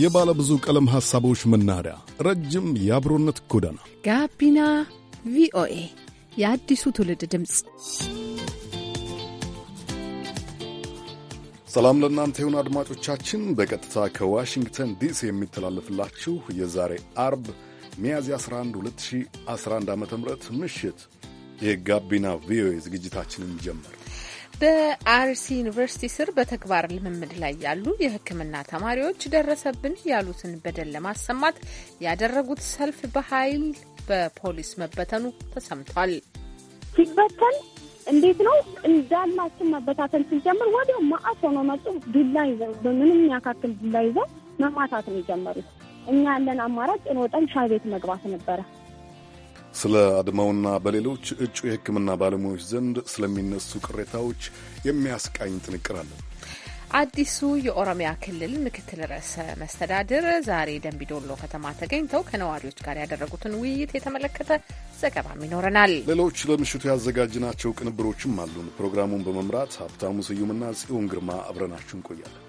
የባለ ብዙ ቀለም ሐሳቦች መናኸሪያ፣ ረጅም የአብሮነት ጎዳና ጋቢና ቪኦኤ የአዲሱ ትውልድ ድምፅ። ሰላም ለእናንተ ይሁን አድማጮቻችን። በቀጥታ ከዋሽንግተን ዲሲ የሚተላለፍላችሁ የዛሬ አርብ ሚያዝያ 11 2011 ዓ ም ምሽት የጋቢና ቪኦኤ ዝግጅታችንን ጀመር። በአርሲ ዩኒቨርሲቲ ስር በተግባር ልምምድ ላይ ያሉ የሕክምና ተማሪዎች ደረሰብን ያሉትን በደል ለማሰማት ያደረጉት ሰልፍ በኃይል በፖሊስ መበተኑ ተሰምቷል። ሲበተን እንዴት ነው እንዳላችን መበታተን ሲጀምር ወዲያው ማአት ሆኖ መጡ። ዱላ ይዘው በምንም ያካክል ዱላ ይዘው መማታት ነው የጀመሩት። እኛ ያለን አማራጭ እንወጠን ሻይ ቤት መግባት ነበረ። ስለ አድማውና በሌሎች እጩ የሕክምና ባለሙያዎች ዘንድ ስለሚነሱ ቅሬታዎች የሚያስቃኝ ጥንቅር አለን። አዲሱ የኦሮሚያ ክልል ምክትል ርዕሰ መስተዳድር ዛሬ ደንቢዶሎ ከተማ ተገኝተው ከነዋሪዎች ጋር ያደረጉትን ውይይት የተመለከተ ዘገባም ይኖረናል። ሌሎች ለምሽቱ ያዘጋጅናቸው ቅንብሮችም አሉን። ፕሮግራሙን በመምራት ሀብታሙ ስዩምና ጽዮን ግርማ አብረናችሁ እንቆያለን።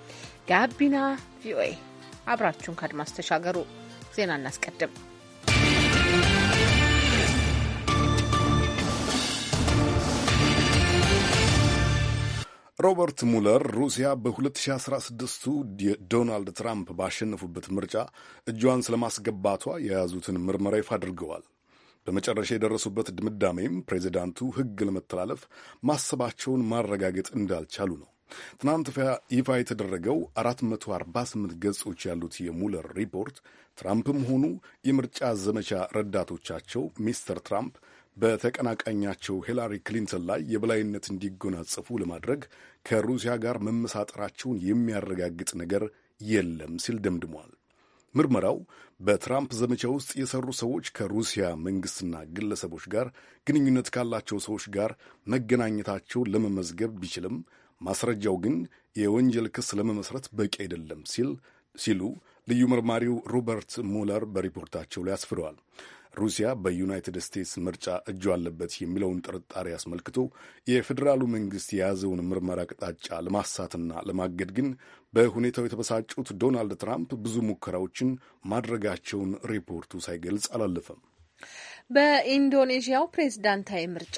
ጋቢና ቪኦኤ አብራችሁን ከአድማስ ተሻገሩ። ዜና እናስቀድም። ሮበርት ሙለር ሩሲያ በ2016ቱ ዶናልድ ትራምፕ ባሸነፉበት ምርጫ እጇን ስለማስገባቷ የያዙትን ምርመራ ይፋ አድርገዋል። በመጨረሻ የደረሱበት ድምዳሜም ፕሬዚዳንቱ ሕግ ለመተላለፍ ማሰባቸውን ማረጋገጥ እንዳልቻሉ ነው። ትናንት ይፋ የተደረገው 448 ገጾች ያሉት የሙለር ሪፖርት ትራምፕም ሆኑ የምርጫ ዘመቻ ረዳቶቻቸው ሚስተር ትራምፕ በተቀናቃኛቸው ሂላሪ ክሊንተን ላይ የበላይነት እንዲጎናጸፉ ለማድረግ ከሩሲያ ጋር መመሳጠራቸውን የሚያረጋግጥ ነገር የለም ሲል ደምድሟል። ምርመራው በትራምፕ ዘመቻ ውስጥ የሰሩ ሰዎች ከሩሲያ መንግሥትና ግለሰቦች ጋር ግንኙነት ካላቸው ሰዎች ጋር መገናኘታቸው ለመመዝገብ ቢችልም ማስረጃው ግን የወንጀል ክስ ለመመስረት በቂ አይደለም ሲል ሲሉ ልዩ መርማሪው ሮበርት ሙለር በሪፖርታቸው ላይ አስፍረዋል። ሩሲያ በዩናይትድ ስቴትስ ምርጫ እጁ አለበት የሚለውን ጥርጣሬ አስመልክቶ የፌዴራሉ መንግስት የያዘውን ምርመራ አቅጣጫ ለማሳትና ለማገድ ግን በሁኔታው የተበሳጩት ዶናልድ ትራምፕ ብዙ ሙከራዎችን ማድረጋቸውን ሪፖርቱ ሳይገልጽ አላለፈም። በኢንዶኔዥያው ፕሬዝዳንታዊ ምርጫ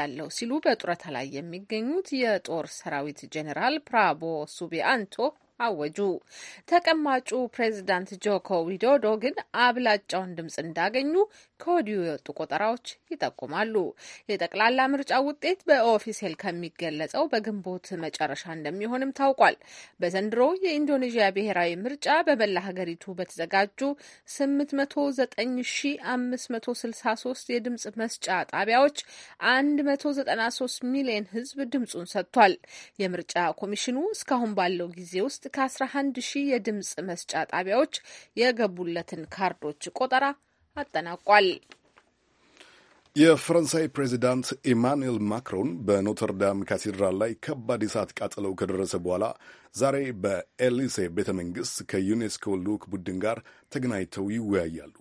ያለው ሲሉ በጡረታ ላይ የሚገኙት የጦር ሰራዊት ጄኔራል ፕራቦ ሱቢያንቶ አወጁ። ተቀማጩ ፕሬዚዳንት ጆኮ ዊዶዶ ግን አብላጫውን ድምፅ እንዳገኙ ከወዲሁ የወጡ ቆጠራዎች ይጠቁማሉ። የጠቅላላ ምርጫ ውጤት በኦፊሴል ከሚገለጸው በግንቦት መጨረሻ እንደሚሆንም ታውቋል። በዘንድሮ የኢንዶኔዥያ ብሔራዊ ምርጫ በመላ ሀገሪቱ በተዘጋጁ 89563 የድምፅ መስጫ ጣቢያዎች 193 ሚሊዮን ሕዝብ ድምፁን ሰጥቷል። የምርጫ ኮሚሽኑ እስካሁን ባለው ጊዜ ውስጥ ከ11 ሺህ የድምፅ መስጫ ጣቢያዎች የገቡለትን ካርዶች ቆጠራ አጠናቋል። የፈረንሳይ ፕሬዚዳንት ኢማኑኤል ማክሮን በኖተርዳም ካቴድራል ላይ ከባድ የእሳት ቃጥለው ከደረሰ በኋላ ዛሬ በኤሊሴ ቤተ መንግሥት ከዩኔስኮ ልዑክ ቡድን ጋር ተገናኝተው ይወያያሉ።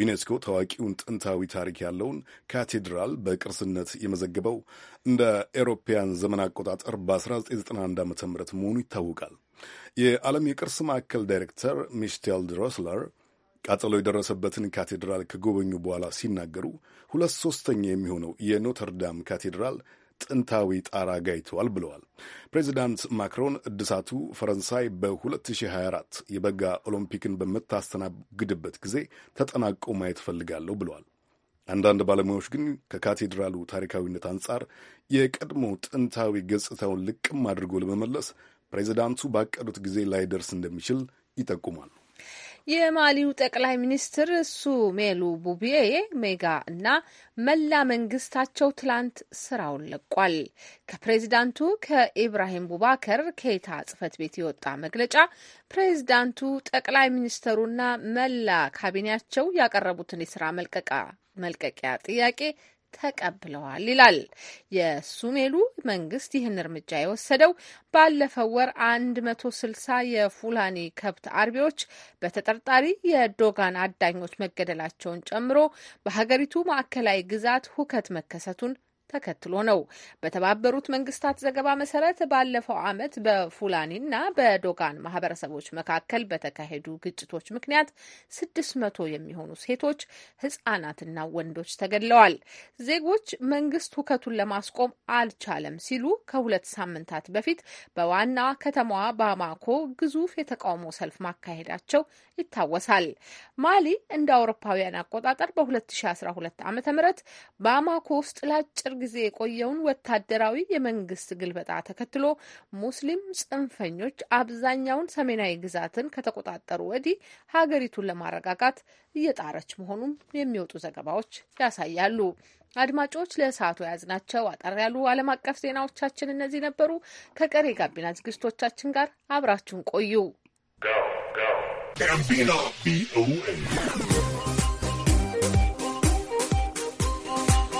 ዩኔስኮ ታዋቂውን ጥንታዊ ታሪክ ያለውን ካቴድራል በቅርስነት የመዘገበው እንደ ኤሮፓያን ዘመን አቆጣጠር በ1991 ዓ ም መሆኑ ይታወቃል። የዓለም የቅርስ ማዕከል ዳይሬክተር ሚሽቴል ድሮስለር ቃጠሎ የደረሰበትን ካቴድራል ከጎበኙ በኋላ ሲናገሩ ሁለት ሶስተኛ የሚሆነው የኖተርዳም ካቴድራል ጥንታዊ ጣራ ጋይተዋል ብለዋል። ፕሬዚዳንት ማክሮን እድሳቱ ፈረንሳይ በ2024 የበጋ ኦሎምፒክን በምታስተናግድበት ጊዜ ተጠናቆ ማየት እፈልጋለሁ ብለዋል። አንዳንድ ባለሙያዎች ግን ከካቴድራሉ ታሪካዊነት አንጻር የቀድሞ ጥንታዊ ገጽታውን ልቅም አድርጎ ለመመለስ ፕሬዚዳንቱ ባቀዱት ጊዜ ላይደርስ እንደሚችል ይጠቁማል። የማሊው ጠቅላይ ሚኒስትር ሱሜሉ ቡቢዬ ሜጋ እና መላ መንግስታቸው ትላንት ስራውን ለቋል። ከፕሬዚዳንቱ ከኢብራሂም ቡባከር ኬታ ጽህፈት ቤት የወጣ መግለጫ ፕሬዚዳንቱ ጠቅላይ ሚኒስትሩና መላ ካቢኔያቸው ያቀረቡትን የስራ መልቀቂያ ጥያቄ ተቀብለዋል ይላል። የሱሜሉ መንግስት ይህን እርምጃ የወሰደው ባለፈው ወር ስልሳ የፉላኒ ከብት አርቢዎች በተጠርጣሪ የዶጋን አዳኞች መገደላቸውን ጨምሮ በሀገሪቱ ማዕከላዊ ግዛት ሁከት መከሰቱን ተከትሎ ነው። በተባበሩት መንግስታት ዘገባ መሰረት ባለፈው ዓመት በፉላኒና በዶጋን ማህበረሰቦች መካከል በተካሄዱ ግጭቶች ምክንያት ስድስት መቶ የሚሆኑ ሴቶች ህጻናትና ወንዶች ተገድለዋል። ዜጎች መንግስት ሁከቱን ለማስቆም አልቻለም ሲሉ ከሁለት ሳምንታት በፊት በዋና ከተማዋ ባማኮ ግዙፍ የተቃውሞ ሰልፍ ማካሄዳቸው ይታወሳል። ማሊ እንደ አውሮፓውያን አቆጣጠር በ2012 ዓ ም ባማኮ ውስጥ ላጭር ጊዜ የቆየውን ወታደራዊ የመንግስት ግልበጣ ተከትሎ ሙስሊም ጽንፈኞች አብዛኛውን ሰሜናዊ ግዛትን ከተቆጣጠሩ ወዲህ ሀገሪቱን ለማረጋጋት እየጣረች መሆኑን የሚወጡ ዘገባዎች ያሳያሉ። አድማጮች ለሰዓቱ የያዝናቸው አጠር ያሉ ዓለም አቀፍ ዜናዎቻችን እነዚህ ነበሩ። ከቀሬ ጋቢና ዝግጅቶቻችን ጋር አብራችሁን ቆዩ።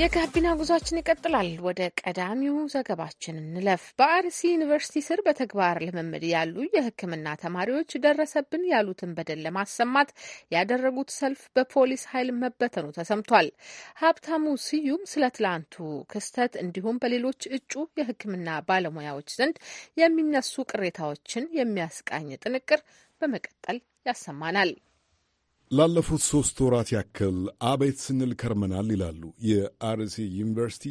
የጋቢና ጉዟችን ይቀጥላል። ወደ ቀዳሚው ዘገባችን እንለፍ። በአርሲ ዩኒቨርሲቲ ስር በተግባር ልምምድ ያሉ የሕክምና ተማሪዎች ደረሰብን ያሉትን በደል ለማሰማት ያደረጉት ሰልፍ በፖሊስ ኃይል መበተኑ ተሰምቷል። ሀብታሙ ስዩም ስለ ትላንቱ ክስተት እንዲሁም በሌሎች እጩ የሕክምና ባለሙያዎች ዘንድ የሚነሱ ቅሬታዎችን የሚያስቃኝ ጥንቅር በመቀጠል ያሰማናል። ላለፉት ሦስት ወራት ያክል አቤት ስንል ከርመናል ይላሉ የአርሲ ዩኒቨርሲቲ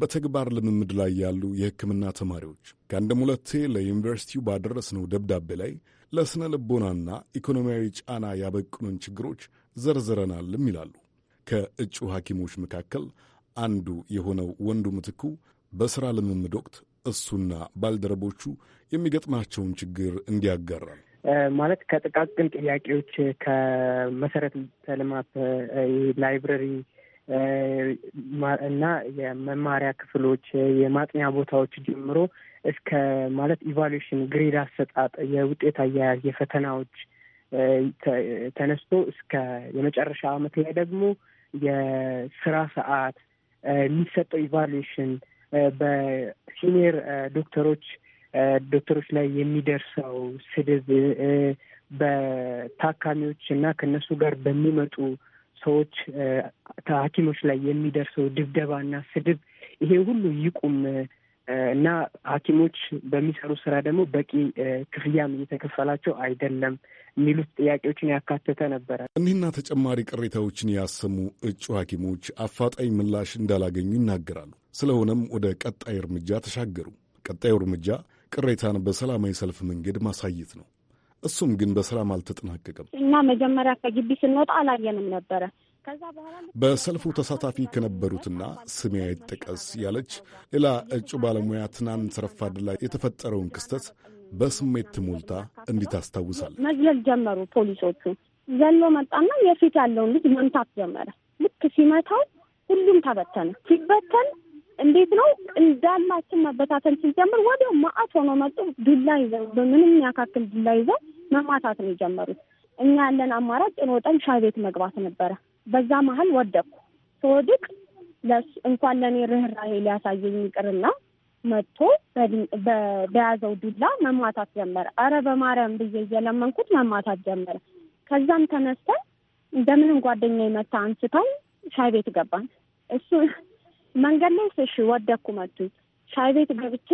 በተግባር ልምምድ ላይ ያሉ የሕክምና ተማሪዎች። ከአንድም ሁለቴ ለዩኒቨርሲቲው ባደረስነው ደብዳቤ ላይ ለሥነ ልቦናና ኢኮኖሚያዊ ጫና ያበቅኑን ችግሮች ዘርዝረናልም ይላሉ። ከእጩ ሐኪሞች መካከል አንዱ የሆነው ወንዱ ምትኩ በሥራ ልምምድ ወቅት እሱና ባልደረቦቹ የሚገጥማቸውን ችግር እንዲያጋራል ማለት ከጥቃቅን ጥያቄዎች ከመሰረተ ልማት ላይብረሪ እና የመማሪያ ክፍሎች፣ የማጥኛ ቦታዎች ጀምሮ እስከ ማለት ኢቫሉዌሽን ግሬድ አሰጣጥ፣ የውጤት አያያዝ፣ የፈተናዎች ተነስቶ እስከ የመጨረሻ ዓመት ላይ ደግሞ የስራ ሰዓት የሚሰጠው ኢቫሉዌሽን በሲኒየር ዶክተሮች ዶክተሮች ላይ የሚደርሰው ስድብ በታካሚዎች እና ከነሱ ጋር በሚመጡ ሰዎች ሐኪሞች ላይ የሚደርሰው ድብደባ እና ስድብ ይሄ ሁሉ ይቁም እና ሐኪሞች በሚሰሩ ስራ ደግሞ በቂ ክፍያም እየተከፈላቸው አይደለም የሚሉት ጥያቄዎችን ያካተተ ነበረ። እኒህና ተጨማሪ ቅሬታዎችን ያሰሙ እጩ ሐኪሞች አፋጣኝ ምላሽ እንዳላገኙ ይናገራሉ። ስለሆነም ወደ ቀጣይ እርምጃ ተሻገሩ። ቀጣዩ እርምጃ ቅሬታን በሰላማዊ ሰልፍ መንገድ ማሳየት ነው። እሱም ግን በሰላም አልተጠናቀቀም እና መጀመሪያ ከግቢ ስንወጣ አላየንም ነበረ። በሰልፉ ተሳታፊ ከነበሩትና ስሜ አይጠቀስ ያለች ሌላ እጩ ባለሙያ ትናንት ረፋድ ላይ የተፈጠረውን ክስተት በስሜት ትሞልታ እንዲት አስታውሳል መዝለል ጀመሩ ፖሊሶቹ። ዘሎ መጣና የፊት ያለውን ልጅ መምታት ጀመረ። ልክ ሲመታው ሁሉም ተበተነ። ሲበተን እንዴት ነው እንዳላችን መበታተን ሲጀምር ወዲያው ማአት ሆኖ መጡ። ዱላ ይዘው በምንም ያካክል ዱላ ይዘው መማታት ነው የጀመሩት። እኛ ያለን አማራጭ እንወጠን ሻይ ቤት መግባት ነበረ። በዛ መሀል ወደቅኩ። ስወድቅ እንኳን ለእኔ ርኅራሄ ሊያሳየኝ ይቅርና መጥቶ በያዘው ዱላ መማታት ጀመረ። አረ በማርያም ብዬ እየለመንኩት መማታት ጀመረ። ከዛም ተነስተን እንደምንም ጓደኛ የመታ አንስታኝ ሻይ ቤት ገባን። እሱ መንገድ ላይ እሺ ወደኩ መቱኝ። ሻይ ቤት ገብቼ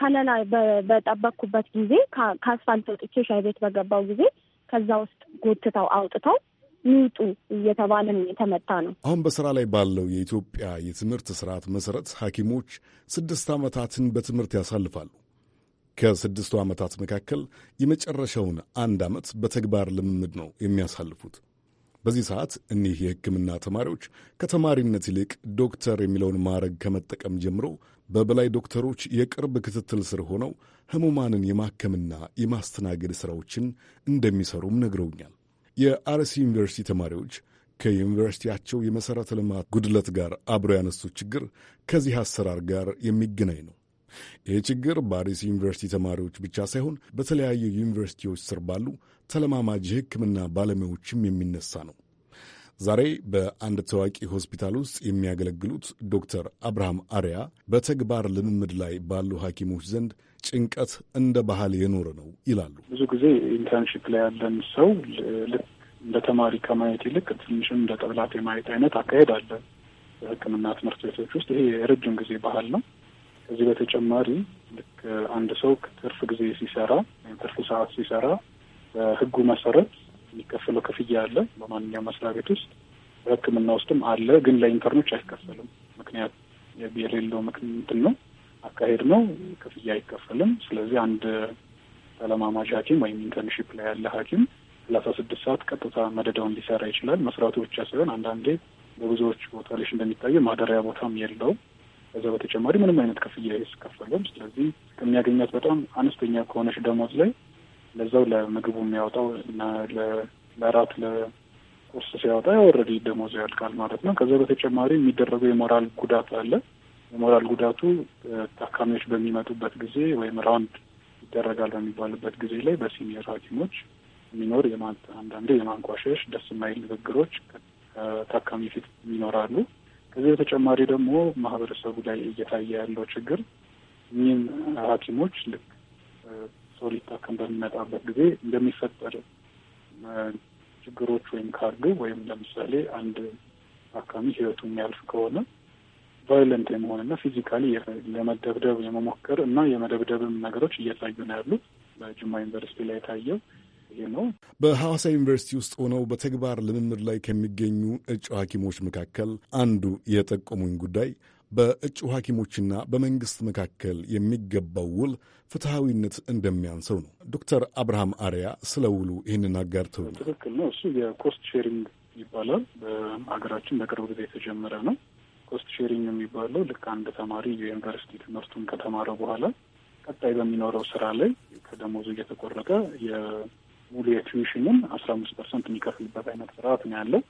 ከለላ በጠበቅኩበት ጊዜ ከአስፋልት ወጥቼ ሻይ ቤት በገባው ጊዜ ከዛ ውስጥ ጎትተው አውጥተው ሚውጡ እየተባለም የተመታ ነው። አሁን በስራ ላይ ባለው የኢትዮጵያ የትምህርት ስርዓት መሰረት ሐኪሞች ስድስት ዓመታትን በትምህርት ያሳልፋሉ። ከስድስቱ ዓመታት መካከል የመጨረሻውን አንድ ዓመት በተግባር ልምምድ ነው የሚያሳልፉት። በዚህ ሰዓት እኒህ የሕክምና ተማሪዎች ከተማሪነት ይልቅ ዶክተር የሚለውን ማዕረግ ከመጠቀም ጀምሮ በበላይ ዶክተሮች የቅርብ ክትትል ስር ሆነው ህሙማንን የማከምና የማስተናገድ ሥራዎችን እንደሚሰሩም ነግረውኛል። የአርሲ ዩኒቨርሲቲ ተማሪዎች ከዩኒቨርሲቲያቸው የመሠረተ ልማት ጉድለት ጋር አብረው ያነሱት ችግር ከዚህ አሰራር ጋር የሚገናኝ ነው። ይህ ችግር በአዲስ ዩኒቨርሲቲ ተማሪዎች ብቻ ሳይሆን በተለያዩ ዩኒቨርሲቲዎች ስር ባሉ ተለማማጅ የሕክምና ባለሙያዎችም የሚነሳ ነው። ዛሬ በአንድ ታዋቂ ሆስፒታል ውስጥ የሚያገለግሉት ዶክተር አብርሃም አሪያ በተግባር ልምምድ ላይ ባሉ ሐኪሞች ዘንድ ጭንቀት እንደ ባህል የኖረ ነው ይላሉ። ብዙ ጊዜ ኢንተርንሽፕ ላይ ያለን ሰው ልክ እንደ ተማሪ ከማየት ይልቅ ትንሽም እንደ ጠላት የማየት አይነት አካሄድ አለ። በህክምና ትምህርት ቤቶች ውስጥ ይሄ የረጅም ጊዜ ባህል ነው። ከዚህ በተጨማሪ ልክ አንድ ሰው ትርፍ ጊዜ ሲሰራ ወይም ትርፍ ሰዓት ሲሰራ በህጉ መሰረት የሚከፈለው ክፍያ አለ። በማንኛውም መስሪያ ቤት ውስጥ በህክምና ውስጥም አለ፣ ግን ለኢንተርኖች አይከፈልም። ምክንያት የሌለው ምክንት ነው አካሄድ ነው። ክፍያ አይከፈልም። ስለዚህ አንድ ተለማማጅ ሐኪም ወይም ኢንተርንሺፕ ላይ ያለ ሐኪም ሰላሳ ስድስት ሰዓት ቀጥታ መደዳውን ሊሰራ ይችላል። መስራቱ ብቻ ሳይሆን አንዳንዴ በብዙዎች ቦታ ላሽ እንደሚታየው ማደሪያ ቦታም የለውም። ከዛ በተጨማሪ ምንም አይነት ክፍያ አይከፈለም። ስለዚህ ከሚያገኛት በጣም አነስተኛ ከሆነች ደሞዝ ላይ ለዛው ለምግቡ የሚያወጣው እና ለራት ለቁርስ ሲያወጣ ያወረድ ደሞዙ ያልቃል ማለት ነው። ከዛ በተጨማሪ የሚደረገው የሞራል ጉዳት አለ። የሞራል ጉዳቱ ታካሚዎች በሚመጡበት ጊዜ ወይም ራውንድ ይደረጋል በሚባልበት ጊዜ ላይ በሲኒየር ሐኪሞች የሚኖር አንዳንዴ የማንቋሸሽ ደስ የማይል ንግግሮች ከታካሚ ፊት ይኖራሉ። ከዚህ በተጨማሪ ደግሞ ማህበረሰቡ ላይ እየታየ ያለው ችግር እኚህም ሐኪሞች ልክ ሰው ሊታከም በሚመጣበት ጊዜ እንደሚፈጠር ችግሮች ወይም ካሉ ወይም ለምሳሌ አንድ ታካሚ ህይወቱ የሚያልፍ ከሆነ ቫዮለንት የመሆንና ፊዚካሊ ለመደብደብ የመሞከር እና የመደብደብም ነገሮች እየታዩ ነው ያሉት። በጅማ ዩኒቨርሲቲ ላይ የታየው ነው። በሐዋሳ ዩኒቨርሲቲ ውስጥ ሆነው በተግባር ልምምድ ላይ ከሚገኙ እጩ ሐኪሞች መካከል አንዱ የጠቆሙኝ ጉዳይ በእጩ ሐኪሞችና በመንግሥት መካከል የሚገባው ውል ፍትሐዊነት እንደሚያንሰው ነው። ዶክተር አብርሃም አሪያ ስለ ውሉ ይህንን አጋርተውኛል። ትክክል ነው። እሱ የኮስት ሼሪንግ ይባላል። በሀገራችን በቅርብ ጊዜ የተጀመረ ነው። ኮስት ሼሪንግ የሚባለው ልክ አንድ ተማሪ የዩኒቨርሲቲ ትምህርቱን ከተማረ በኋላ ቀጣይ በሚኖረው ስራ ላይ ከደሞዙ እየተቆረጠ ሙሉ የቲዩሽንን አስራ አምስት ፐርሰንት የሚከፍልበት አይነት ስርዓት ነው ያለው።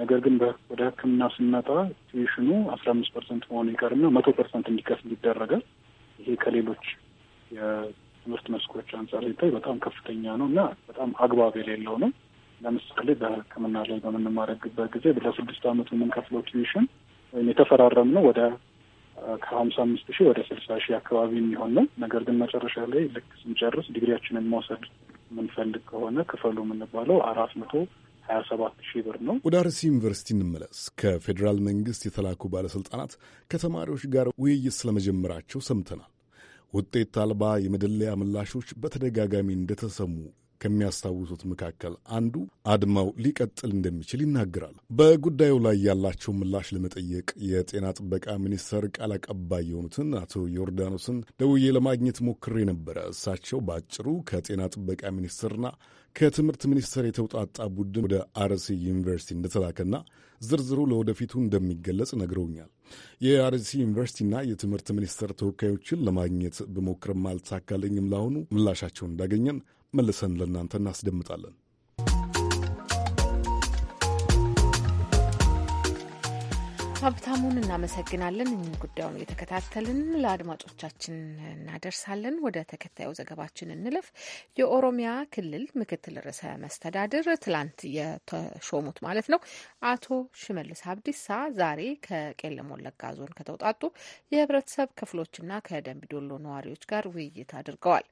ነገር ግን ወደ ሕክምና ስንመጣ ትዊሽኑ አስራ አምስት ፐርሰንት መሆኑ ይቀርና መቶ ፐርሰንት እንዲከፍል ይደረጋል። ይሄ ከሌሎች የትምህርት መስኮች አንጻር ሲታይ በጣም ከፍተኛ ነው እና በጣም አግባብ የሌለው ነው። ለምሳሌ በሕክምና ላይ በምንማረግበት ጊዜ ለስድስት ዓመቱ የምንከፍለው ትዊሽን ወይም የተፈራረም ነው ወደ ከሀምሳ አምስት ሺህ ወደ ስልሳ ሺህ አካባቢ የሚሆን ነው። ነገር ግን መጨረሻ ላይ ልክ ስንጨርስ ዲግሪያችንን መውሰድ የምንፈልግ ከሆነ ክፈሉ የምንባለው አራት መቶ ሀያ ሰባት ሺህ ብር ነው። ወደ አርሲ ዩኒቨርሲቲ እንመለስ። ከፌዴራል መንግስት የተላኩ ባለስልጣናት ከተማሪዎች ጋር ውይይት ስለመጀመራቸው ሰምተናል። ውጤት አልባ የመደለያ ምላሾች በተደጋጋሚ እንደተሰሙ ከሚያስታውሱት መካከል አንዱ አድማው ሊቀጥል እንደሚችል ይናገራል። በጉዳዩ ላይ ያላቸው ምላሽ ለመጠየቅ የጤና ጥበቃ ሚኒስቴር ቃል አቀባይ የሆኑትን አቶ ዮርዳኖስን ደውዬ ለማግኘት ሞክሬ ነበረ። እሳቸው በአጭሩ ከጤና ጥበቃ ሚኒስቴርና ከትምህርት ሚኒስቴር የተውጣጣ ቡድን ወደ አርሲ ዩኒቨርሲቲ እንደተላከና ዝርዝሩ ለወደፊቱ እንደሚገለጽ ነግረውኛል። የአርሲ ዩኒቨርሲቲና የትምህርት ሚኒስቴር ተወካዮችን ለማግኘት ብሞክርም አልተሳካልኝም። ለአሁኑ ምላሻቸውን እንዳገኘን መልሰን ለእናንተ እናስደምጣለን። ሀብታሙን እናመሰግናለን። እኚህ ጉዳዩን እየተከታተልን ለአድማጮቻችን እናደርሳለን። ወደ ተከታዩ ዘገባችን እንለፍ። የኦሮሚያ ክልል ምክትል ርዕሰ መስተዳድር ትላንት የተሾሙት ማለት ነው አቶ ሽመልስ አብዲሳ ዛሬ ከቄለም ወለጋ ዞን ከተውጣጡ የህብረተሰብ ክፍሎችና ከደንቢዶሎ ነዋሪዎች ጋር ውይይት አድርገዋል።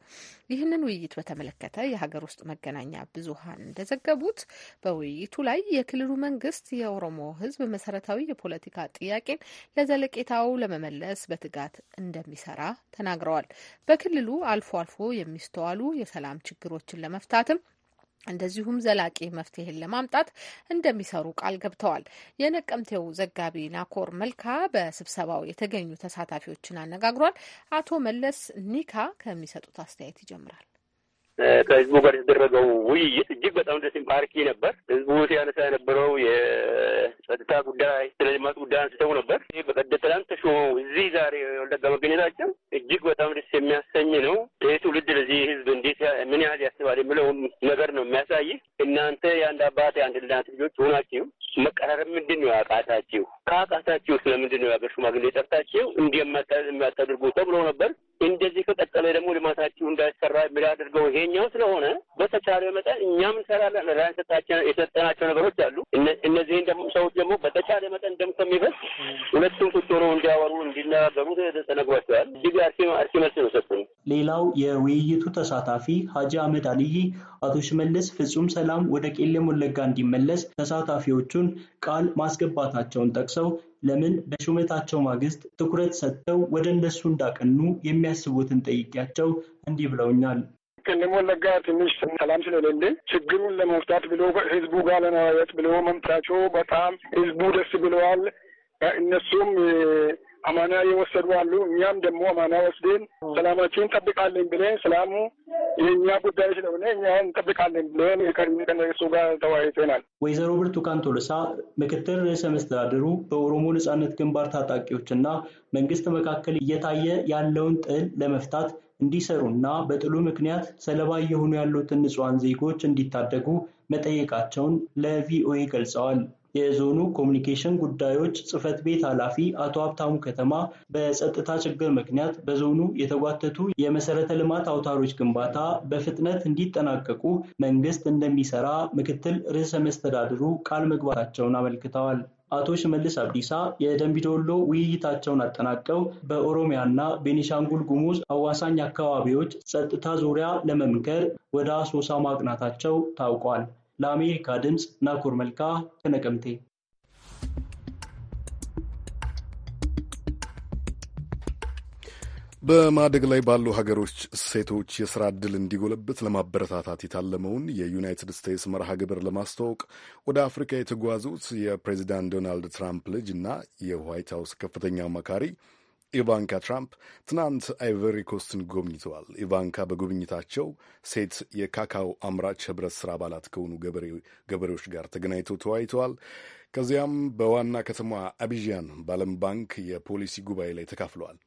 ይህንን ውይይት በተመለከተ የሀገር ውስጥ መገናኛ ብዙሀን እንደዘገቡት በውይይቱ ላይ የክልሉ መንግስት የኦሮሞ ህዝብ መሰረታዊ የፖለቲካ የፖለቲካ ጥያቄን ለዘለቄታው ለመመለስ በትጋት እንደሚሰራ ተናግረዋል። በክልሉ አልፎ አልፎ የሚስተዋሉ የሰላም ችግሮችን ለመፍታትም እንደዚሁም ዘላቂ መፍትሄን ለማምጣት እንደሚሰሩ ቃል ገብተዋል። የነቀምቴው ዘጋቢ ናኮር መልካ በስብሰባው የተገኙ ተሳታፊዎችን አነጋግሯል። አቶ መለስ ኒካ ከሚሰጡት አስተያየት ይጀምራል። ከህዝቡ ጋር የተደረገው ውይይት እጅግ በጣም ደስ ፓርኪ ነበር። ህዝቡ ሲያነሳ የነበረው የጸጥታ ጉዳይ፣ ስለ ልማት ጉዳይ አንስተው ነበር። በቀደም ተሾመው እዚህ ዛሬ ወለጋ መገኘታቸው እጅግ በጣም ደስ የሚያሰኝ ነው። ይህ ትውልድ ለዚህ ህዝብ እንዴት ምን ያህል ያስባል የሚለውን ነገር ነው የሚያሳይ። እናንተ የአንድ አባት የአንድ እናት ልጆች ሆናችሁ መቀራረብ ምንድን ነው ያቃታችሁ? ከአቃታችሁ ስለምንድን ነው የሀገር ሽማግሌ ጠርታችሁ እንዲህ የሚያታድርጉ ተብሎ ነበር። እንደዚህ ከቀጠለ ደግሞ ልማታችሁ እንዳይሰራ የሚያደርገው ይሄ የእኛው ስለሆነ በተቻለ መጠን እኛም እንሰራለን። የሰጠናቸው ነገሮች አሉ። እነዚህን ደግሞ ሰዎች ደግሞ በተቻለ መጠን ደም ከሚፈስ ሁለቱም ቁጭ እንዲያወሩ እንዲነጋገሩ ተነግሯቸዋል። እጅግ አርሲ መልስ ነው ሰጡን። ሌላው የውይይቱ ተሳታፊ ሀጂ አህመድ አልይ አቶ ሽመልስ ፍጹም ሰላም ወደ ቄለም ወለጋ እንዲመለስ ተሳታፊዎቹን ቃል ማስገባታቸውን ጠቅሰው ለምን በሹመታቸው ማግስት ትኩረት ሰጥተው ወደ እነሱ እንዳቀኑ የሚያስቡትን ጠይቄያቸው እንዲህ ብለውኛል። ከንም ወለጋ ትንሽ ሰላም ስለሌለ ችግሩን ለመፍታት ብሎ ህዝቡ ጋር ለመወያየት ብሎ መምጣታቸው በጣም ህዝቡ ደስ ብለዋል። እነሱም አማና የወሰዱ አሉ። እኛም ደግሞ አማና ወስደን ሰላማችን እንጠብቃለን ብለን ሰላሙ የእኛ ጉዳይ ስለሆነ እኛ እንጠብቃለን ብለን ከእነሱ ጋር ተወያይተናል። ወይዘሮ ብርቱካን ቶሎሳ ምክትል ርዕሰ መስተዳድሩ በኦሮሞ ነጻነት ግንባር ታጣቂዎችና መንግስት መካከል እየታየ ያለውን ጥል ለመፍታት እንዲሰሩ እና በጥሉ ምክንያት ሰለባ እየሆኑ ያሉትን ንጹሐን ዜጎች እንዲታደጉ መጠየቃቸውን ለቪኦኤ ገልጸዋል። የዞኑ ኮሚኒኬሽን ጉዳዮች ጽህፈት ቤት ኃላፊ አቶ ሀብታሙ ከተማ በጸጥታ ችግር ምክንያት በዞኑ የተጓተቱ የመሰረተ ልማት አውታሮች ግንባታ በፍጥነት እንዲጠናቀቁ መንግስት እንደሚሰራ ምክትል ርዕሰ መስተዳድሩ ቃል መግባታቸውን አመልክተዋል። አቶ ሽመልስ አብዲሳ የደንቢዶሎ ውይይታቸውን አጠናቀው በኦሮሚያና ቤኒሻንጉል ጉሙዝ አዋሳኝ አካባቢዎች ጸጥታ ዙሪያ ለመምከር ወደ አሶሳ ማቅናታቸው ታውቋል። ለአሜሪካ ድምፅ ናኮር መልካ ከነቀምቴ በማደግ ላይ ባሉ ሀገሮች ሴቶች የሥራ ዕድል እንዲጎለብት ለማበረታታት የታለመውን የዩናይትድ ስቴትስ መርሃ ግብር ለማስተዋወቅ ወደ አፍሪካ የተጓዙት የፕሬዚዳንት ዶናልድ ትራምፕ ልጅ እና የዋይት ሀውስ ከፍተኛ አማካሪ ኢቫንካ ትራምፕ ትናንት አይቨሪ ኮስትን ጎብኝተዋል። ኢቫንካ በጉብኝታቸው ሴት የካካው አምራች ህብረት ሥራ አባላት ከሆኑ ገበሬዎች ጋር ተገናኝተው ተወያይተዋል። ከዚያም በዋና ከተማ አቢዣን በዓለም ባንክ የፖሊሲ ጉባኤ ላይ ተካፍለዋል።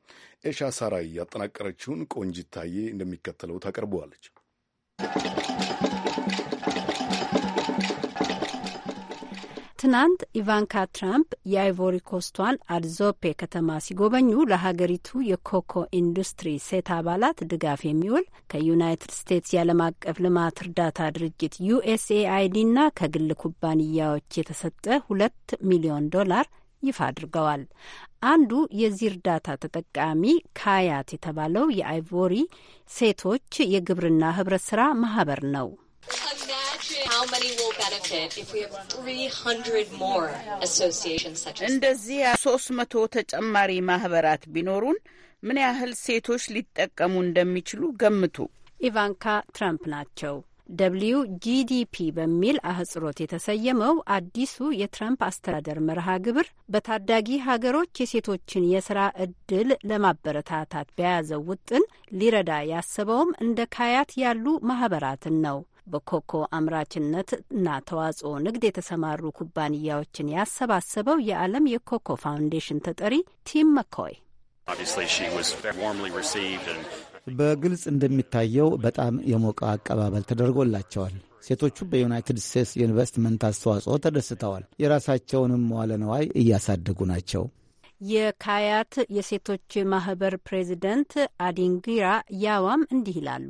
ኤሻ ሳራይ ያጠናቀረችውን ቆንጂት ታዬ እንደሚከተለው ታቀርበዋለች። ትናንት ኢቫንካ ትራምፕ የአይቮሪ ኮስቷን አድዞፔ ከተማ ሲጎበኙ ለሀገሪቱ የኮኮ ኢንዱስትሪ ሴት አባላት ድጋፍ የሚውል ከዩናይትድ ስቴትስ የዓለም አቀፍ ልማት እርዳታ ድርጅት ዩኤስኤአይዲና ከግል ኩባንያዎች የተሰጠ ሁለት ሚሊዮን ዶላር ይፋ አድርገዋል። አንዱ የዚህ እርዳታ ተጠቃሚ ካያት የተባለው የአይቮሪ ሴቶች የግብርና ህብረት ስራ ማህበር ነው። እንደዚህ ሶስት መቶ ተጨማሪ ማህበራት ቢኖሩን ምን ያህል ሴቶች ሊጠቀሙ እንደሚችሉ ገምቱ። ኢቫንካ ትራምፕ ናቸው። ደብሊው ጂዲፒ በሚል አህጽሮት የተሰየመው አዲሱ የትራምፕ አስተዳደር መርሃ ግብር በታዳጊ ሀገሮች የሴቶችን የስራ እድል ለማበረታታት በያዘው ውጥን ሊረዳ ያሰበውም እንደ ካያት ያሉ ማህበራትን ነው። በኮኮ አምራችነት እና ተዋጽኦ ንግድ የተሰማሩ ኩባንያዎችን ያሰባሰበው የዓለም የኮኮ ፋውንዴሽን ተጠሪ ቲም መኮይ በግልጽ እንደሚታየው በጣም የሞቀ አቀባበል ተደርጎላቸዋል። ሴቶቹ በዩናይትድ ስቴትስ የኢንቨስትመንት አስተዋጽኦ ተደስተዋል። የራሳቸውንም መዋለ ነዋይ እያሳደጉ ናቸው። የካያት የሴቶች ማህበር ፕሬዚደንት አዲንግራ ያዋም እንዲህ ይላሉ።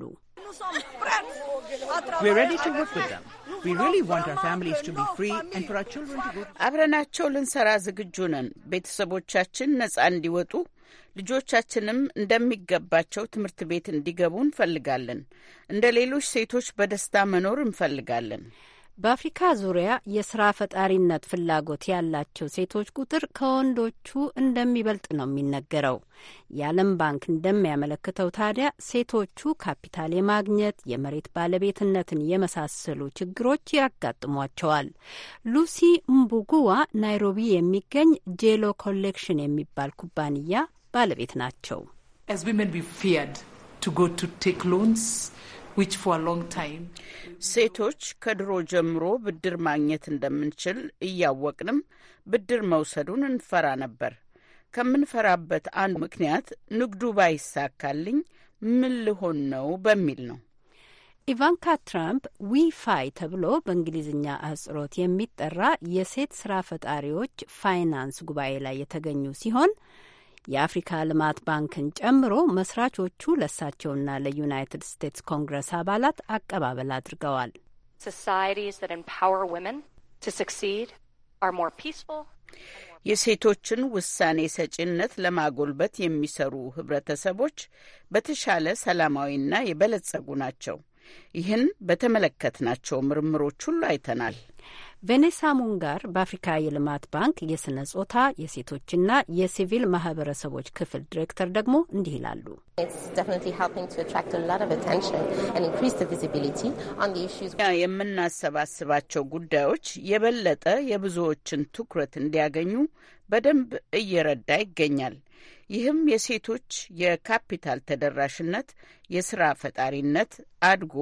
አብረናቸው ልንሰራ ዝግጁ ነን። ቤተሰቦቻችን ነጻ እንዲወጡ ልጆቻችንም እንደሚገባቸው ትምህርት ቤት እንዲገቡ እንፈልጋለን። እንደ ሌሎች ሴቶች በደስታ መኖር እንፈልጋለን። በአፍሪካ ዙሪያ የስራ ፈጣሪነት ፍላጎት ያላቸው ሴቶች ቁጥር ከወንዶቹ እንደሚበልጥ ነው የሚነገረው። የዓለም ባንክ እንደሚያመለክተው ታዲያ ሴቶቹ ካፒታል የማግኘት የመሬት ባለቤትነትን የመሳሰሉ ችግሮች ያጋጥሟቸዋል። ሉሲ ምቡጉዋ ናይሮቢ የሚገኝ ጄሎ ኮሌክሽን የሚባል ኩባንያ ባለቤት ናቸው። ሴቶች ከድሮ ጀምሮ ብድር ማግኘት እንደምንችል እያወቅንም ብድር መውሰዱን እንፈራ ነበር። ከምንፈራበት አንዱ ምክንያት ንግዱ ባይሳካልኝ ምን ልሆን ነው በሚል ነው። ኢቫንካ ትራምፕ ዊፋይ ተብሎ በእንግሊዝኛ አህጽሮት የሚጠራ የሴት ስራ ፈጣሪዎች ፋይናንስ ጉባኤ ላይ የተገኙ ሲሆን የአፍሪካ ልማት ባንክን ጨምሮ መስራቾቹ ለሳቸውና ለዩናይትድ ስቴትስ ኮንግረስ አባላት አቀባበል አድርገዋል። የሴቶችን ውሳኔ ሰጪነት ለማጎልበት የሚሰሩ ህብረተሰቦች በተሻለ ሰላማዊና የበለጸጉ ናቸው። ይህን በተመለከትናቸው ምርምሮች ሁሉ አይተናል። ቬኔሳ ሙንጋር በአፍሪካ የልማት ባንክ የስነ ጾታ የሴቶችና የሲቪል ማህበረሰቦች ክፍል ዲሬክተር ደግሞ እንዲህ ይላሉ። የምናሰባስባቸው ጉዳዮች የበለጠ የብዙዎችን ትኩረት እንዲያገኙ በደንብ እየረዳ ይገኛል። ይህም የሴቶች የካፒታል ተደራሽነት፣ የስራ ፈጣሪነት አድጎ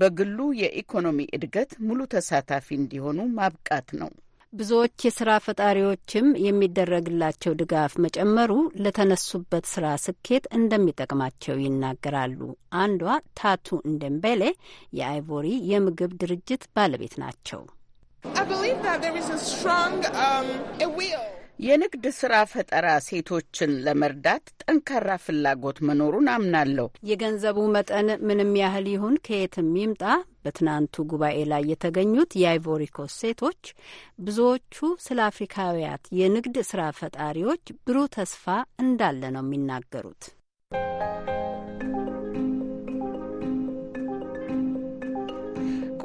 በግሉ የኢኮኖሚ እድገት ሙሉ ተሳታፊ እንዲሆኑ ማብቃት ነው። ብዙዎች የስራ ፈጣሪዎችም የሚደረግላቸው ድጋፍ መጨመሩ ለተነሱበት ስራ ስኬት እንደሚጠቅማቸው ይናገራሉ። አንዷ ታቱ እንደምቤሌ የአይቮሪ የምግብ ድርጅት ባለቤት ናቸው። የንግድ ስራ ፈጠራ ሴቶችን ለመርዳት ጠንካራ ፍላጎት መኖሩን አምናለሁ። የገንዘቡ መጠን ምንም ያህል ይሁን ከየትም ይምጣ፣ በትናንቱ ጉባኤ ላይ የተገኙት የአይቮሪኮስ ሴቶች ብዙዎቹ ስለ አፍሪካውያት የንግድ ስራ ፈጣሪዎች ብሩህ ተስፋ እንዳለ ነው የሚናገሩት።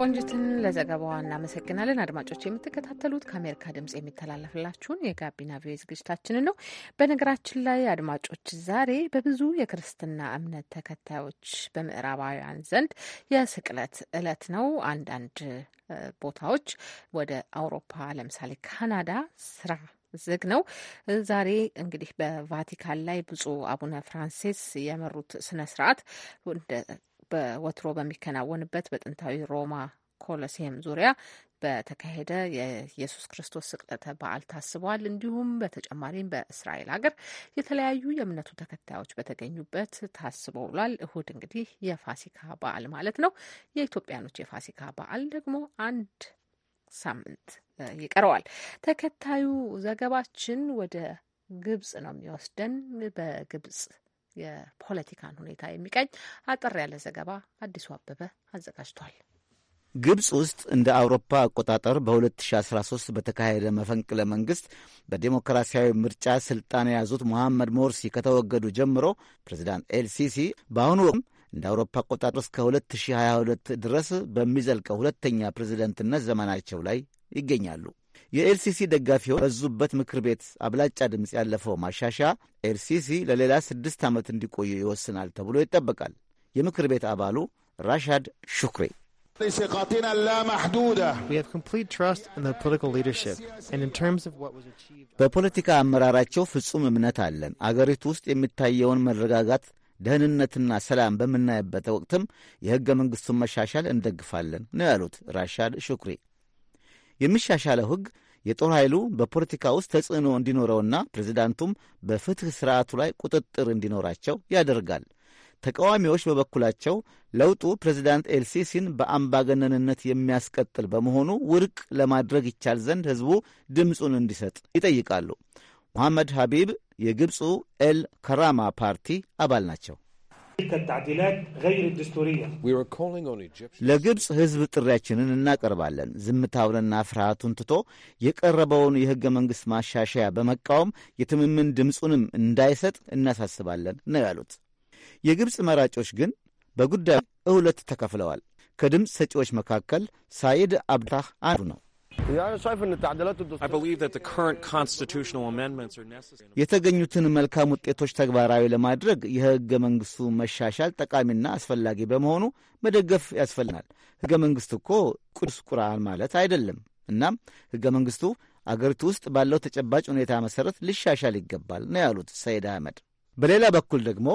ቆንጅትን ለዘገባዋ እናመሰግናለን። አድማጮች የምትከታተሉት ከአሜሪካ ድምጽ የሚተላለፍላችሁን የጋቢና ቪኦኤ ዝግጅታችንን ነው። በነገራችን ላይ አድማጮች ዛሬ በብዙ የክርስትና እምነት ተከታዮች በምዕራባውያን ዘንድ የስቅለት እለት ነው። አንዳንድ ቦታዎች ወደ አውሮፓ ለምሳሌ ካናዳ ስራ ዝግ ነው። ዛሬ እንግዲህ በቫቲካን ላይ ብፁዕ አቡነ ፍራንሲስ የመሩት ስነ ስርዓት በወትሮ በሚከናወንበት በጥንታዊ ሮማ ኮሎሴም ዙሪያ በተካሄደ የኢየሱስ ክርስቶስ ስቅለተ በዓል ታስቧል። እንዲሁም በተጨማሪም በእስራኤል ሀገር የተለያዩ የእምነቱ ተከታዮች በተገኙበት ታስቦ ውሏል። እሁድ እንግዲህ የፋሲካ በዓል ማለት ነው። የኢትዮጵያኖች የፋሲካ በዓል ደግሞ አንድ ሳምንት ይቀረዋል። ተከታዩ ዘገባችን ወደ ግብጽ ነው የሚወስደን በግብጽ የፖለቲካን ሁኔታ የሚቀኝ አጠር ያለ ዘገባ አዲሱ አበበ አዘጋጅቷል። ግብፅ ውስጥ እንደ አውሮፓ አቆጣጠር በ2013 በተካሄደ መፈንቅለ መንግስት በዴሞክራሲያዊ ምርጫ ስልጣን የያዙት ሞሐመድ ሞርሲ ከተወገዱ ጀምሮ ፕሬዚዳንት ኤልሲሲ በአሁኑ ወቅት እንደ አውሮፓ አቆጣጠር እስከ 2022 ድረስ በሚዘልቀው ሁለተኛ ፕሬዚደንትነት ዘመናቸው ላይ ይገኛሉ። የኤልሲሲ ደጋፊዎች በዙበት ምክር ቤት አብላጫ ድምፅ ያለፈው ማሻሻያ ኤልሲሲ ለሌላ ስድስት ዓመት እንዲቆዩ ይወስናል ተብሎ ይጠበቃል። የምክር ቤት አባሉ ራሻድ ሹክሪ በፖለቲካ አመራራቸው ፍጹም እምነት አለን። አገሪቱ ውስጥ የሚታየውን መረጋጋት፣ ደህንነትና ሰላም በምናይበት ወቅትም የሕገ መንግሥቱን መሻሻል እንደግፋለን ነው ያሉት ራሻድ ሹክሬ። የሚሻሻለው ሕግ የጦር ኃይሉ በፖለቲካ ውስጥ ተጽዕኖ እንዲኖረውና ፕሬዚዳንቱም በፍትሕ ሥርዓቱ ላይ ቁጥጥር እንዲኖራቸው ያደርጋል። ተቃዋሚዎች በበኩላቸው ለውጡ ፕሬዚዳንት ኤልሲሲን በአምባገነንነት የሚያስቀጥል በመሆኑ ውድቅ ለማድረግ ይቻል ዘንድ ሕዝቡ ድምፁን እንዲሰጥ ይጠይቃሉ። ሙሐመድ ሐቢብ የግብፁ ኤል ከራማ ፓርቲ አባል ናቸው። ለግብፅ ህዝብ ጥሪያችንን እናቀርባለን። ዝምታውንና ፍርሃቱን ትቶ የቀረበውን የህገ መንግሥት ማሻሻያ በመቃወም የትምምን ድምፁንም እንዳይሰጥ እናሳስባለን ነው ያሉት። የግብፅ መራጮች ግን በጉዳዩ ሁለት ተከፍለዋል። ከድምፅ ሰጪዎች መካከል ሳይድ አብታህ አንዱ ነው። የተገኙትን መልካም ውጤቶች ተግባራዊ ለማድረግ የህገ መንግስቱ መሻሻል ጠቃሚና አስፈላጊ በመሆኑ መደገፍ ያስፈልናል። ህገ መንግስት እኮ ቅዱስ ቁርአን ማለት አይደለም። እናም ህገ መንግስቱ አገሪቱ ውስጥ ባለው ተጨባጭ ሁኔታ መሠረት ሊሻሻል ይገባል ነው ያሉት ሰይድ አህመድ። በሌላ በኩል ደግሞ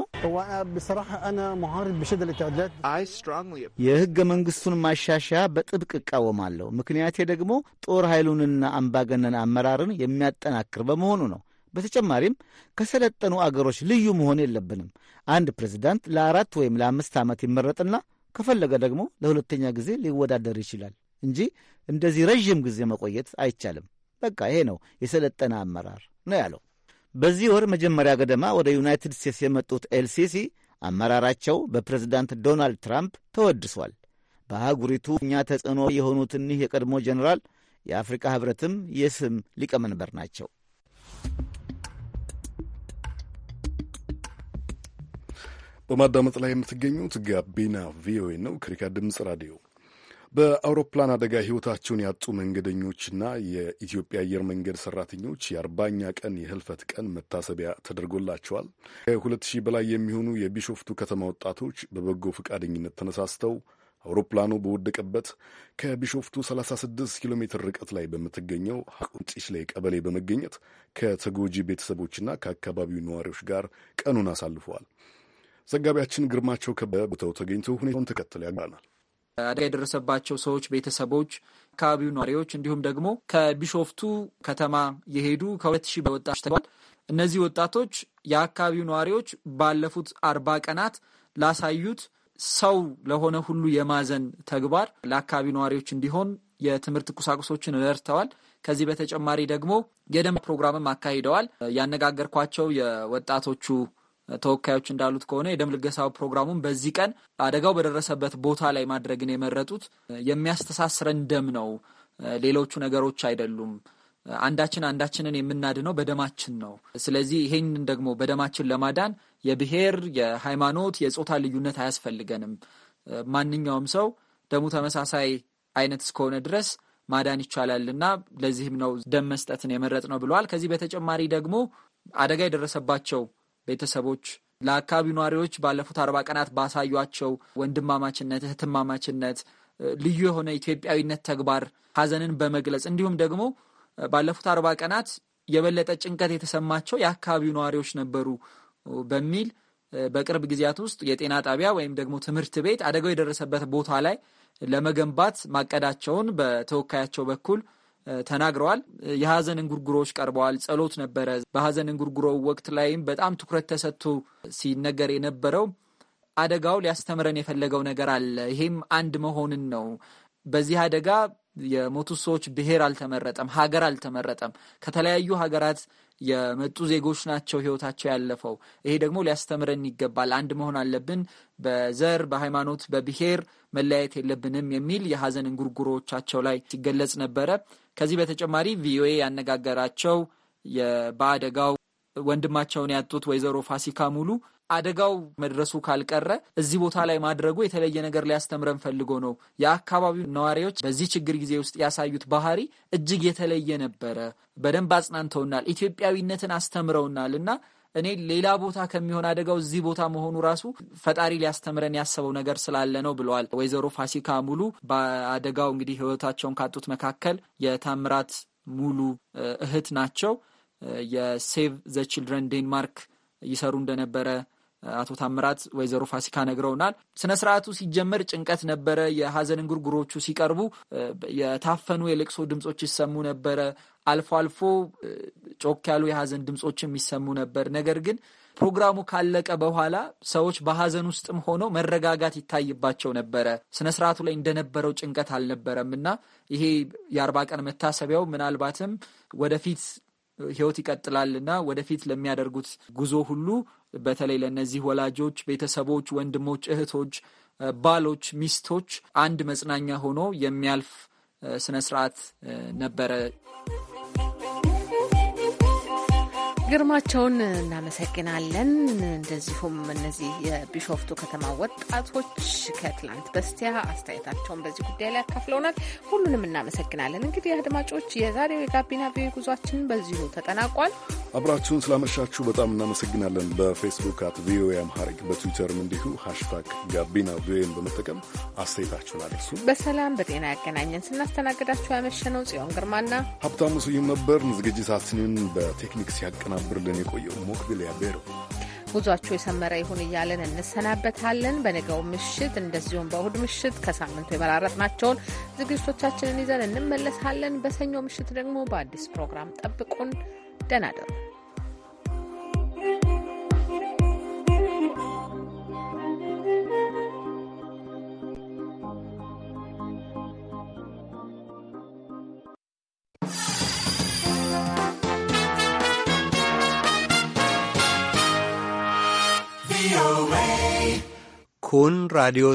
የህገ መንግስቱን ማሻሻያ በጥብቅ እቃወማለሁ። ምክንያቴ ደግሞ ጦር ኃይሉንና አምባገነን አመራርን የሚያጠናክር በመሆኑ ነው። በተጨማሪም ከሰለጠኑ አገሮች ልዩ መሆን የለብንም። አንድ ፕሬዚዳንት ለአራት ወይም ለአምስት ዓመት ይመረጥና ከፈለገ ደግሞ ለሁለተኛ ጊዜ ሊወዳደር ይችላል እንጂ እንደዚህ ረዥም ጊዜ መቆየት አይቻልም። በቃ ይሄ ነው የሰለጠነ አመራር ነው ያለው። በዚህ ወር መጀመሪያ ገደማ ወደ ዩናይትድ ስቴትስ የመጡት ኤልሲሲ አመራራቸው በፕሬዝዳንት ዶናልድ ትራምፕ ተወድሷል። በአህጉሪቱ እኛ ተጽዕኖ የሆኑት እኒህ የቀድሞ ጀኔራል የአፍሪካ ህብረትም የስም ሊቀመንበር ናቸው። በማዳመጥ ላይ የምትገኙት ጋቢና ቪኦኤ ነው፣ ከአሜሪካ ድምፅ ራዲዮ በአውሮፕላን አደጋ ሕይወታቸውን ያጡ መንገደኞችና የኢትዮጵያ አየር መንገድ ሰራተኞች የአርባኛ ቀን የህልፈት ቀን መታሰቢያ ተደርጎላቸዋል። ከሁለት ሺህ በላይ የሚሆኑ የቢሾፍቱ ከተማ ወጣቶች በበጎ ፈቃደኝነት ተነሳስተው አውሮፕላኑ በወደቀበት ከቢሾፍቱ 36 ኪሎ ሜትር ርቀት ላይ በምትገኘው ቁንጭሽ ላይ ቀበሌ በመገኘት ከተጎጂ ቤተሰቦችና ከአካባቢው ነዋሪዎች ጋር ቀኑን አሳልፈዋል። ዘጋቢያችን ግርማቸው ከበቦታው ተገኝቶ ሁኔታውን ተከትሎ ያጋናል። አደጋ የደረሰባቸው ሰዎች ቤተሰቦች፣ አካባቢው ነዋሪዎች እንዲሁም ደግሞ ከቢሾፍቱ ከተማ የሄዱ ከሁለት ሺህ በወጣች ወጣቶች እነዚህ ወጣቶች የአካባቢው ነዋሪዎች ባለፉት አርባ ቀናት ላሳዩት ሰው ለሆነ ሁሉ የማዘን ተግባር ለአካባቢው ነዋሪዎች እንዲሆን የትምህርት ቁሳቁሶችን ረድተዋል። ከዚህ በተጨማሪ ደግሞ የደንብ ፕሮግራምም አካሂደዋል። ያነጋገርኳቸው የወጣቶቹ ተወካዮች እንዳሉት ከሆነ የደም ልገሳው ፕሮግራሙን በዚህ ቀን አደጋው በደረሰበት ቦታ ላይ ማድረግን የመረጡት የሚያስተሳስረን ደም ነው፣ ሌሎቹ ነገሮች አይደሉም። አንዳችን አንዳችንን የምናድነው በደማችን ነው። ስለዚህ ይሄንን ደግሞ በደማችን ለማዳን የብሔር፣ የሃይማኖት፣ የጾታ ልዩነት አያስፈልገንም። ማንኛውም ሰው ደሙ ተመሳሳይ አይነት እስከሆነ ድረስ ማዳን ይቻላልና ለዚህም ነው ደም መስጠትን የመረጥ ነው ብለዋል። ከዚህ በተጨማሪ ደግሞ አደጋ የደረሰባቸው ቤተሰቦች ለአካባቢው ነዋሪዎች ባለፉት አርባ ቀናት ባሳዩቸው ወንድማማችነት፣ እህትማማችነት ልዩ የሆነ ኢትዮጵያዊነት ተግባር ሀዘንን በመግለጽ እንዲሁም ደግሞ ባለፉት አርባ ቀናት የበለጠ ጭንቀት የተሰማቸው የአካባቢው ነዋሪዎች ነበሩ በሚል በቅርብ ጊዜያት ውስጥ የጤና ጣቢያ ወይም ደግሞ ትምህርት ቤት አደጋው የደረሰበት ቦታ ላይ ለመገንባት ማቀዳቸውን በተወካያቸው በኩል ተናግረዋል። የሀዘን እንጉርጉሮዎች ቀርበዋል። ጸሎት ነበረ። በሀዘን እንጉርጉሮ ወቅት ላይም በጣም ትኩረት ተሰጥቶ ሲነገር የነበረው አደጋው ሊያስተምረን የፈለገው ነገር አለ። ይሄም አንድ መሆንን ነው። በዚህ አደጋ የሞቱ ሰዎች ብሔር አልተመረጠም፣ ሀገር አልተመረጠም። ከተለያዩ ሀገራት የመጡ ዜጎች ናቸው ህይወታቸው ያለፈው። ይሄ ደግሞ ሊያስተምረን ይገባል። አንድ መሆን አለብን። በዘር በሃይማኖት፣ በብሔር መለያየት የለብንም የሚል የሀዘን እንጉርጉሮቻቸው ላይ ሲገለጽ ነበረ። ከዚህ በተጨማሪ ቪኦኤ ያነጋገራቸው በአደጋው ወንድማቸውን ያጡት ወይዘሮ ፋሲካ ሙሉ አደጋው መድረሱ ካልቀረ እዚህ ቦታ ላይ ማድረጉ የተለየ ነገር ሊያስተምረን ፈልጎ ነው። የአካባቢው ነዋሪዎች በዚህ ችግር ጊዜ ውስጥ ያሳዩት ባህሪ እጅግ የተለየ ነበረ። በደንብ አጽናንተውናል፣ ኢትዮጵያዊነትን አስተምረውናል እና እኔ ሌላ ቦታ ከሚሆን አደጋው እዚህ ቦታ መሆኑ ራሱ ፈጣሪ ሊያስተምረን ያሰበው ነገር ስላለ ነው ብለዋል ወይዘሮ ፋሲካ ሙሉ። በአደጋው እንግዲህ ህይወታቸውን ካጡት መካከል የታምራት ሙሉ እህት ናቸው። የሴቭ ዘ ችልድረን ዴንማርክ ይሰሩ እንደነበረ አቶ ታምራት ወይዘሮ ፋሲካ ነግረውናል። ስነ ስርዓቱ ሲጀመር ጭንቀት ነበረ። የሀዘን እንጉርጉሮቹ ሲቀርቡ የታፈኑ የልቅሶ ድምፆች ይሰሙ ነበረ። አልፎ አልፎ ጮክ ያሉ የሀዘን ድምፆች የሚሰሙ ነበር። ነገር ግን ፕሮግራሙ ካለቀ በኋላ ሰዎች በሀዘን ውስጥም ሆነው መረጋጋት ይታይባቸው ነበረ። ስነ ስርዓቱ ላይ እንደነበረው ጭንቀት አልነበረም እና ይሄ የአርባ ቀን መታሰቢያው ምናልባትም ወደፊት ህይወት ይቀጥላልና ወደፊት ለሚያደርጉት ጉዞ ሁሉ በተለይ ለእነዚህ ወላጆች፣ ቤተሰቦች፣ ወንድሞች፣ እህቶች፣ ባሎች፣ ሚስቶች አንድ መጽናኛ ሆኖ የሚያልፍ ስነ ስርዓት ነበረ። ግርማቸውን እናመሰግናለን። እንደዚሁም እነዚህ የቢሾፍቱ ከተማ ወጣቶች ከትላንት በስቲያ አስተያየታቸውን በዚህ ጉዳይ ላይ አካፍለውናል። ሁሉንም እናመሰግናለን። እንግዲህ አድማጮች፣ የዛሬው የጋቢና ቪኦኤ ጉዟችን በዚሁ ተጠናቋል። አብራችሁን ስላመሻችሁ በጣም እናመሰግናለን። በፌስቡክ አት ቪኦኤ አምሃሪክ በትዊተርም እንዲሁ ሃሽታግ ጋቢና ቪኦኤን በመጠቀም አስተያየታችሁን አድርሱ። በሰላም በጤና ያገናኘን። ስናስተናግዳችሁ ያመሸነው ጽዮን ግርማና ሀብታሙ ስዩም ነበር። ዝግጅታችንን በቴክኒክ ሲያቀና ሳቀናብርልን የቆየው ሞክቢል ያቤሮ ጉዟችሁ የሰመረ ይሁን እያለን እንሰናበታለን። በነገው ምሽት እንደዚሁም በእሁድ ምሽት ከሳምንቱ የመራረጥናቸውን ዝግጅቶቻችንን ይዘን እንመለሳለን። በሰኞ ምሽት ደግሞ በአዲስ ፕሮግራም ጠብቁን። ደህና ደሩ። Kun raadiyoo